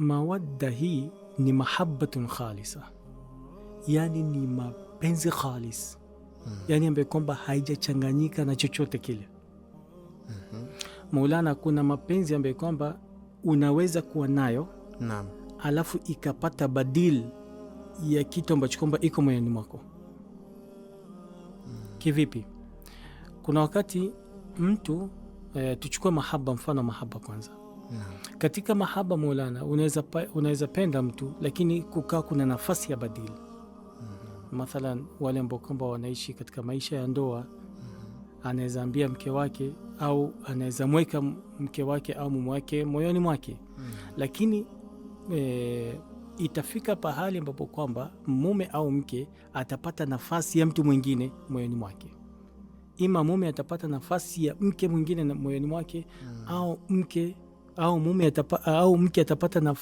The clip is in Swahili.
mawadda hii ni mahabbatun khalisa, yani ni mapenzi khalis mm yani ambaye kwamba haijachanganyika na chochote kile mm -hmm. Maulana, kuna mapenzi ambaye kwamba unaweza kuwa nayo naam, alafu ikapata badili ya kitu ambacho kwamba iko moyoni mwako mm. Kivipi? Kuna wakati mtu e, tuchukue mahaba, mfano mahaba kwanza katika mahaba Maulana, unaweza unaweza penda mtu lakini kukaa kuna nafasi ya badili mhm. mathalan wale ambao kwamba wanaishi katika maisha ya ndoa, mhm. anaweza ambia mke wake au anaweza mweka mke wake au mume wake moyoni mwake mm. Lakini e, itafika pahali ambapo kwamba mume au mke atapata nafasi ya mtu mwingine moyoni mwake, ima mume atapata nafasi ya mke mwingine moyoni mwake mm. au mke au mume atapatanafasi